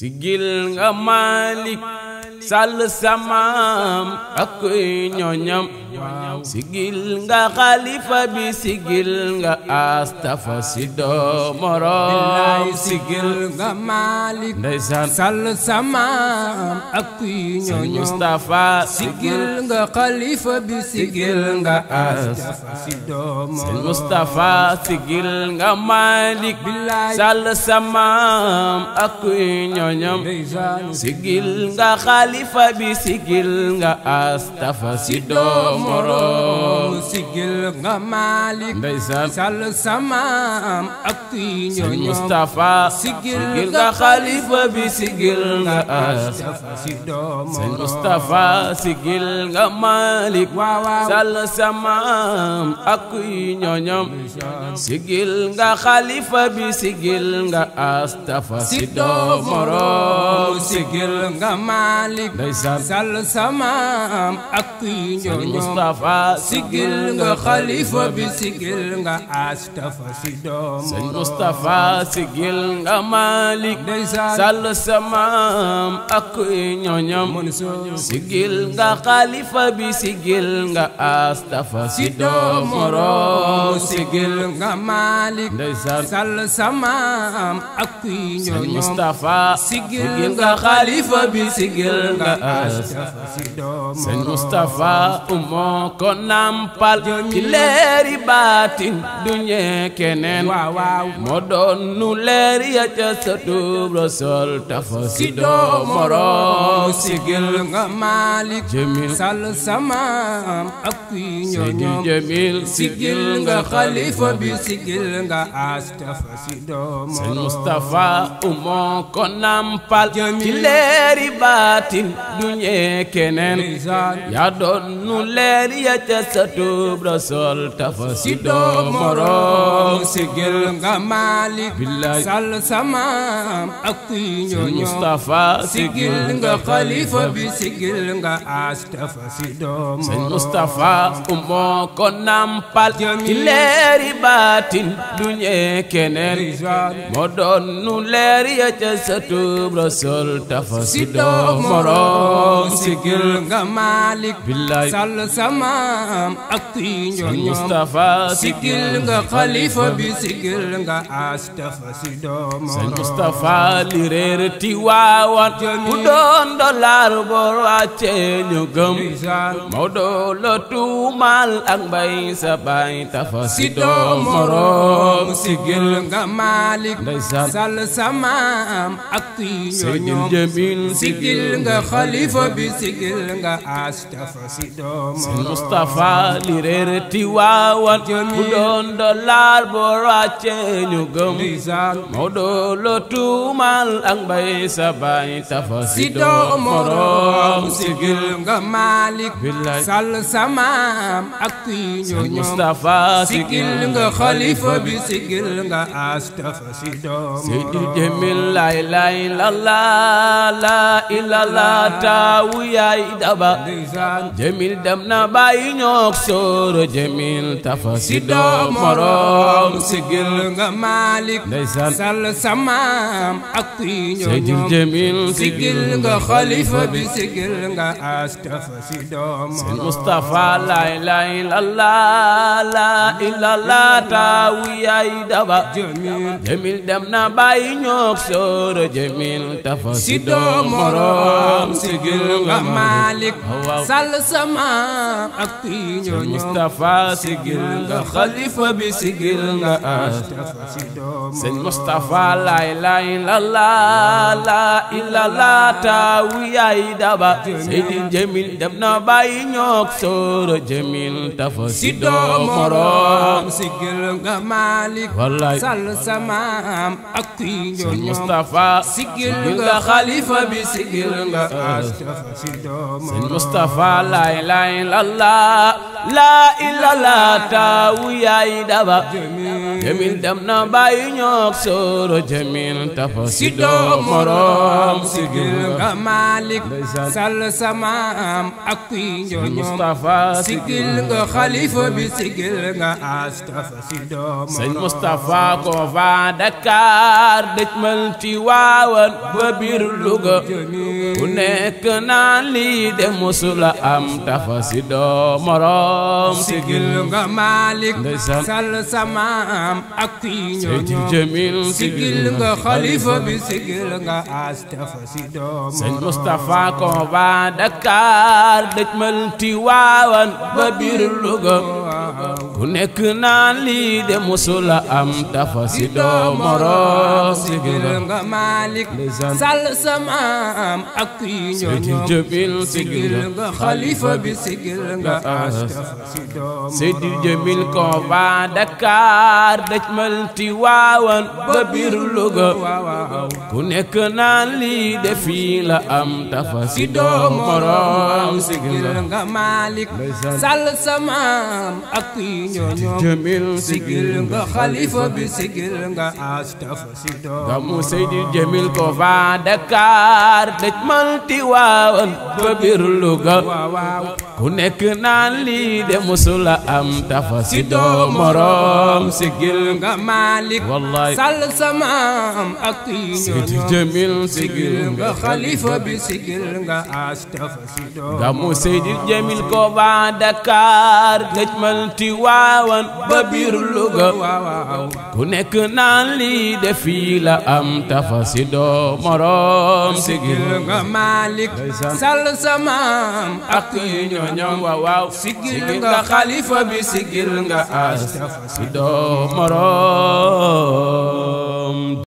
sigil nga Malik sal samaam ak kuy ñoñam sigil nga xalifa bi sigil nga astafa si si doo moroom sigil nga maalik xalifa bi sigil nga astafa si doomoro sigil xalifa bi sigil nga astafa si Mustafa si doomoro sigil nga malik sal samaam ak ñoo Mustafa sigil nga khalifa bi sigil nga astafa si doom sëñ Mustafa sigil nga malik sal ak kuy sigil nga khalifa bi sigil nga astafa si doom moro sigil nga malik ak Mustafa sigil nga xalifa bi sigil nga as ah, ah, ah, sëñ Moustapha umoo ko nampal ci leeri baatin du ñee keneen moo doon nu leer ya ca sa tuub tafa si doo sigil nga Malick Jamil samaam ak kuy ñoñoom sigil nga xalifa bi sigil nga as tafa si doo baatin si Mustafa si Mustafa umoo nampal ci leeri baatin du ñee keneen moo doon nu leer ya sa tuub rasool tafa si doo borom sigil nga Malik si doomam li réer ti waawan bu doon dollar bor wàcce ñu gëm Maodo la tuumal ak mbay sa tafa si doomam borom sigil nga Malik sàll samaam ak kuy ñor ñoom sigil nga nga xalifa bi sigil nga astafa si doomu Moustapha li réer ti waawan bu doon dolaar boo ràcce ñu gëm Maodo lo tuumal ak mbay sa baay tafa si doomu sigil nga Malick Sall samaam ak kuy ñu Moustapha sigil nga xalifa bi sigil nga astafa si doomu Seydi Jamil lay lay la la la la taawu yaay daba jamil dem na bàyyi ñoog sooro jamil tafa si doo moroom sigil nga malik ndeysaan sal samaam ak kuy ñoom sigil jamil sigil nga xalifa bi sigil nga astafa si doo moroom mustafa la ilaha illallah la illallah taawu yaay daba jamil dem na bàyyi ñoog sooro jamil tafa si doo moroom maam sigil nga Malick oh, Sall sa maam ak kuy ñoo ñoom Moustapha sigil nga xalifa bi sigil nga sëñ Moustapha lay lay la la la illa la taawu yaay daba Seydi Jamil dem na bàyyi ñoog sooro Jamil tafa si doom moroom sigil nga Malick Sall sa maam ak kuy ñoo ñoom Moustapha sigil nga xalifa bi sigil nga Mustafa la ilaha illallah laa illallah taawu yaay daba jamil dem na bàyyi ñoog sooro jamil tafa si doo moroom si gil nga malik sal sama ak kuy ñoom si gil nga xalifa bi si gil nga astafa tafa si doo moroom doom sigil nga Malick Sall sa maam ak kuy ñooñu Jamil sigil nga xalifa bi sigil nga Astafa si doom Sëñ Moustapha ko ba Dakar dëj mal Tiwaawan ba biir Louga ku nekk naan lii de musula am tafa si moroom si nga Malick Sall ak kuy ñoo ñoom xalifa bi si nga astaf si moroom Seydi nga Malick Sall ak kuy ñooñoo jamil sigil nga xalifa bi sigil nga astaf si doom gamu seydi jamil ko fa Dakar dëj malti waawan ba Luga ku nekk naan lii de musula am tafa si doom moroom sigil nga Malik sal sama si doom jamil ko fa Dakar dëj malti Tiwaawan ba biir ku nekk naan lii de am tafa si doo moroom sigil nga Malik Sall samaam ak yi ñoñom waaw sigil nga xalifa bi sigil nga as si doo moroom